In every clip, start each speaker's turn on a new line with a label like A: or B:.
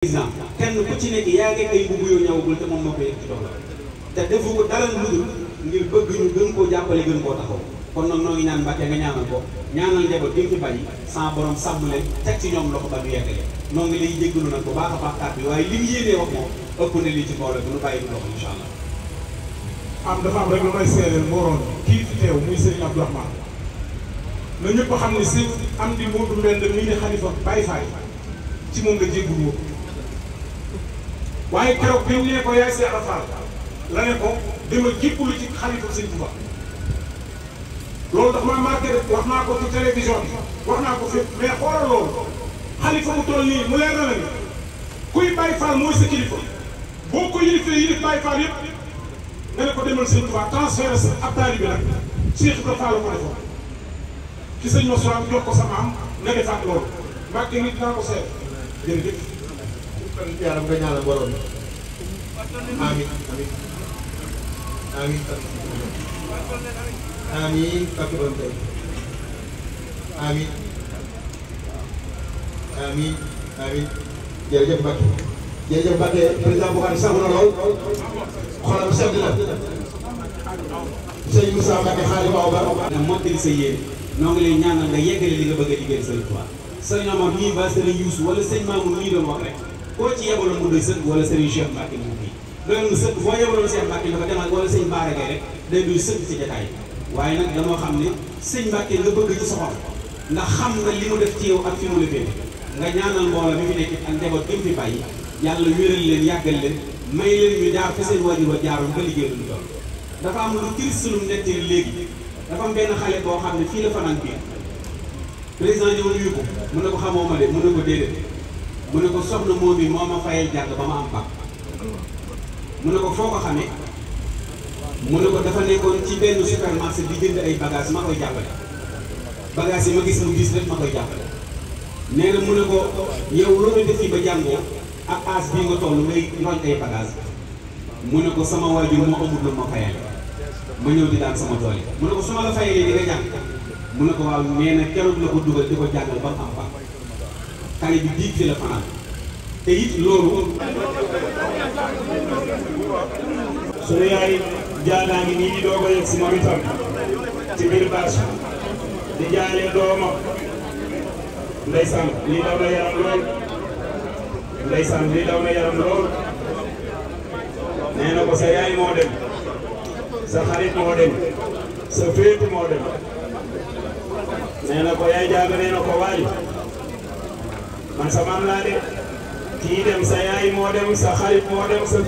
A: président kenn ku ci nekk yaa ngi ay bëgg ñu jàppale gën koo taxaw kon nag noo ngi ñaan Mbàkke nga ñaanal ko ñaanal njaboot bi mu fi bàyyi sans borom sàmm ba bu baax a baax kàddu bi na lii ci
B: xam ne si am di Modou Mbend mii xalifa Baye ci moom la jéggul woon waaye keroog bi ñu ko yaay Seex Faal la ne ko demal jébbalu ci xalifa Sëñ Tuubaa loolu dafa ma marqué rek wax naa ko ci télévision bi wax naa ko mais xoolal loolu xalifa mu toll nii mu leer Baay Faal mooy sa kilifa boo ko yilifee yilif Baay Faal yëpp nga ne ko demal Sëñ Tuubaa transféré sa ab ci sëñ Moussa jox ko sama am nga defaat naa ko seet
A: yaram nga amin amin amin
C: amin amin amin amin jërëjëf Mbacke
A: jërëjëf Mbacke président Bougane sax na lool xolam sedd la sëñ Moussa Mbacke xaalis baaw ba mottali sa yéen noo ngi lay ñaanal nga yeggale li nga bëgg a liggéeyal sëñ Tuubaa sëñ Omar ba sëñ Youssou wala sëñ Mamoun mii doon wax rek koo ci yebaloon mu doy sëkk wala sëriñ Cheikh Mbacke mu bi doon sëkk boo yebaloon Cheikh Mbacke dafa demal waaye nag xam ne sëñ Mbacke nga ndax xam nga li mu def ci yow ak fi mu la féete nga ñaanal mbooloo mi fi nekk ak njaboot bàyyi yàlla wéral leen yàggal leen may leen ñu jaar fi seen wajur wa jaaroon ba liggéey lu doon dafa am lu triste lu mu nettali léegi dafa am benn xale boo xam ne fii la fanaan biir président ñëw nuyu ko mun na ko xamoo ma de mun na ko déedéet mu ne ko soxna moom bi moo ma fayee jàng ba ma am bac mu ne ko foo ko xamee mu ne ko dafa nekkoon ci benn supermarché di jënd ay bagages ma koy jàppale bagages yi ma gis mu gis rek ma koy jàppale nee na mu ne ko yow loolu def yi ba jàngoo ak as bii nga toll ngay roñ ay bagages mu ne ko sama waajur moo amul lu ma fayal sama tool yi mu ne ko su la fayalee di nga jàng mu ne ko waaw nee na la ko dugal di ko jàngal ba mu am bac xale bi dix fi la fanaan te it loolu sunu yaay
C: jaadaa ngi nii di doog a yegg si moom di jaale doomam ndeysaan lii daw na yaram lool ndeysaan lii daw na yaram lool nee na ko sa yaay moo dem sa xarit moo dem man sa maam laa de kii dem sa yaay moo dem sa xarit moo dem sa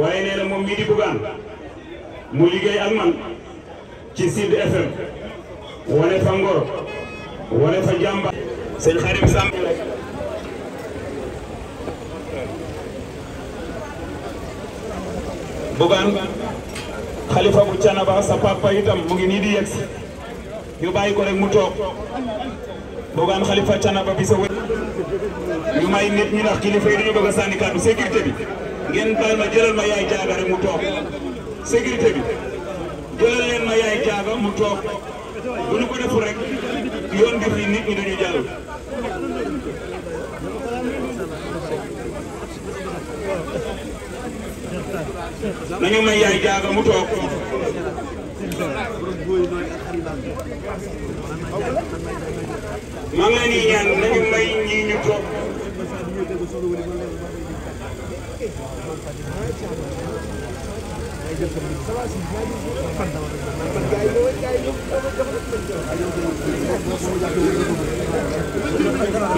C: waaye nee moom mii di bugaan mu liggéey ak man ci Sud FM wane fa ngor wane fa jàmba sëñ xarit Samb rek bugaan xalifa bu Thiénaba sa papa itam mu ngi nii di yegg ñu bàyyi ko rek mu toog boogaan xalifa Thiénaba bi sa wër ñu may nit ñi ndax kilifa yi dañu bëgg a sànni kàddu sécurité bi ngeen baal ma jëlal ma yaay jaaga rek mu toog sécurité bi jëlal ma yaay jaaga mu toog bu ñu ko defu rek yoon bi fii nit ñi dañu jàll nañu may yaay jaaga mu toog. maa ngi leen di ñaan nañu may ñii ñu toog.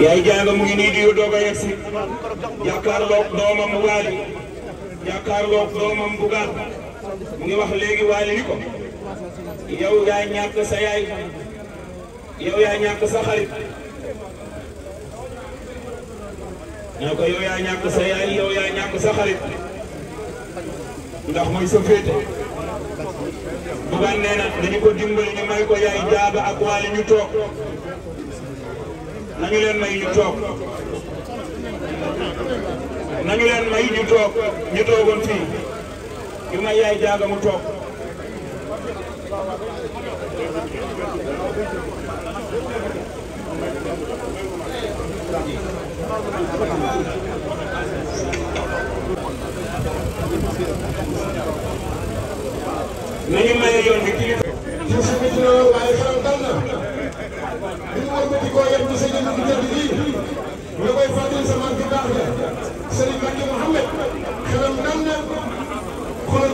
C: yaay jaaga mu ngi nii di doog a yegsi. yaakaar loo doomam waali jàkkaarloog doomam bu gaat mu ngi wax léegi waali ni ko yow yaa ñàkk sa yaay yow yaa ñàkk sa xarit ne ko yow yaa ñàkk sa yaay sa xarit ndax mooy sa féete bugaan nee na dañu ko dimbali ñu may ko yaay jaaba ak waali ñu toog nañu leen may ñu toog nañu leen may ñu toog ñu toogoon fii ñu may yaay jaaga mu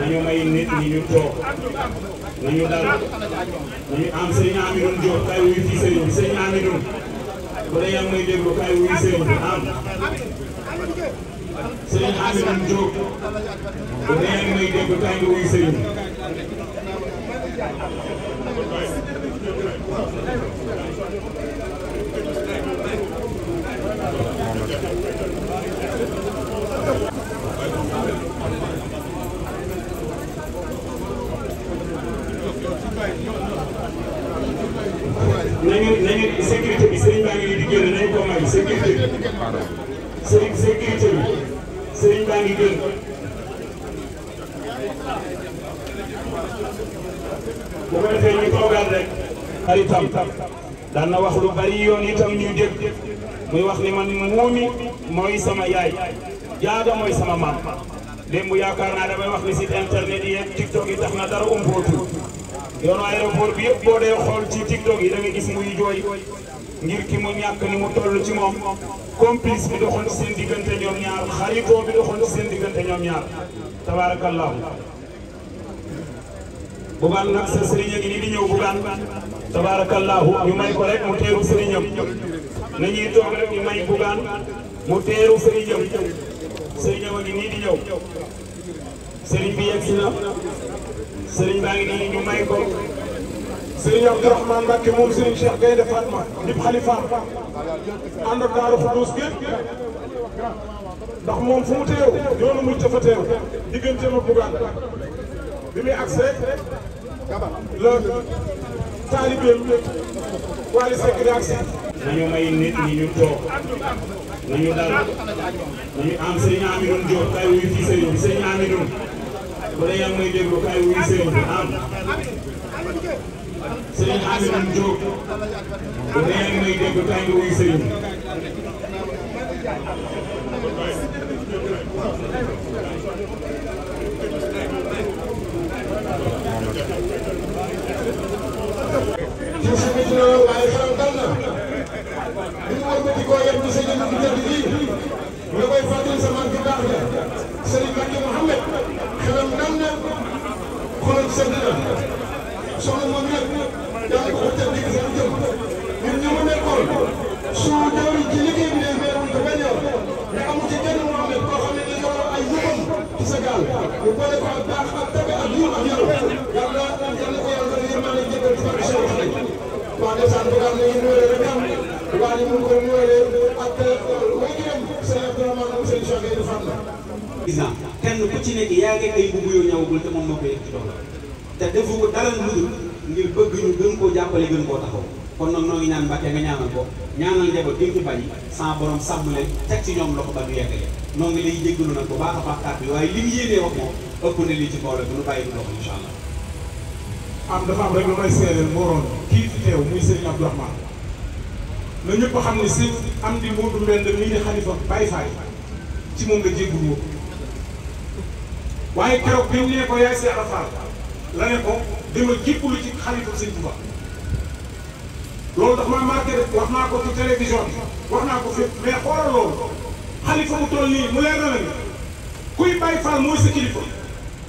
C: nañu may nit ñi ñu toog nañu dal nañu am sëñ Amidou Diop kaay wuyu fii sëriñ bi sëñ Amidou bu dee yaa may déglu kaay wuyu sëriñ bi am sëñ Amidou Diop bu dee yaa may déglu kaay nga wuyu sëriñ bi Thank you. nañu nañu sécurité bi sëriñ baa ngi nii di génn nañu ko may sécurité bi sëriñ sécurité bi sëriñ baa ngi génn. bu ko defee ñu daan na wax lu bari yoon itam ñu dégg muy wax ni man muumi mooy sama yaay jaaga mooy sama maam démb yaakaar naa damay wax ni site internet yi yeeg tiktok yi tax na dara umpootu. yoo aéroport bi yëpp boo dee xool ci tiktok yi da nga gis muy jooy ngir ki mu ñàkk ni mu toll ci moom complice bi doxoon ci seen diggante ñoom ñaar xaritoo bi doxoon ci seen diggante ñoom ñaar tabaarakallaahu bugaan nag sa sëriñ a ngi nii di ñëw bugaan tabaarakallaahu ñu may ko mu teeru sëriñam nañuy toog rek ñu may bugaan mu teeru sëriñam sëriñam a ngi nii di ñëw sëriñ bi yegg sëriñ baa ngi nii ñu may ko
B: sëriñ Abdourahmane Mbacke moom sëriñ Cheikh Gaynde Fatma dib xalifaam ànd daaru xudduus gépp ndax moom fu mu teew yoonu mucc fa teew diggante ma bugaan bi muy accès la
C: taalibeem Wally Seck di accès nañu may nit ñi kay wuyu fii sëriñ bi sëriñ Amidoune wala yaa ngi may déglu kaay wuy Serigne bi am Serigne Amidou Diop wala yaa ngi may déglu kaay nga wuy Serigne bi. Just
A: président kenn ku ci nekk yaa ngi ay mbubb yoo ñawagul te moom moo koy ci doxal te defu ko dara lu dul ngir bëgg ñu gën koo jàppale gën koo taxaw kon nag noo ngi ñaan Mbàkke nga ñaanal ko ñaanal njaboot bi ci bàyyi sans borom sàmm leen teg ci ñoom loxo ba du yeggale noo ngi lay jéggalu nag bu baax a baax kàddu yi waaye li ñu yéenee wax moom ëpp na lii ci mbooloo bi nu bàyyi du loxo incha allah am dafa am rek lu may
B: seedeel moroon kii fi teew muy Serigne Abdourahmane na ñëpp xam ne Serigne am di Modou Mbend mii di xalifa Baye Faye ci moom nga jéggul woon waaye keroog bi mu ko yaay Seex Ibra Faal la ne ko dama jébbalu ci xalifa Sëñ Tuubaa loolu dafa maa marqué de wax naa ko ci télévision bi wax naa ko fépp mais xoolal loolu xalifa mu toll na la ni kuy Baay Faal mooy sa kilifa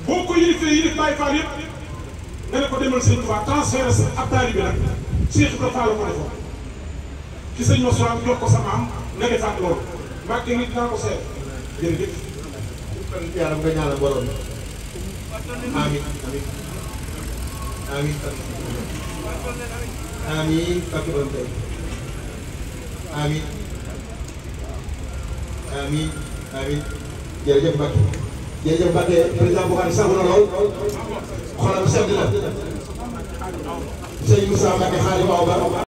B: boo ko yilifee Baay Faal yëpp nga ne ko demal Sëñ Tuubaa transféré sa ab taalibe bi nag Seex Ibra Faal la ko defoon ci sëñ Moussa jox ko sama am nga defaat loolu mbàkke naa ko seet yàlla nga ñaanal
A: borom amiin amiin amiin amiin amiin
C: amiin amiin jërëjëf Mbacke jërëjëf Mbacke président Bougane sax na lool xolam sedd la sëñ Moussa Mbacke xaalis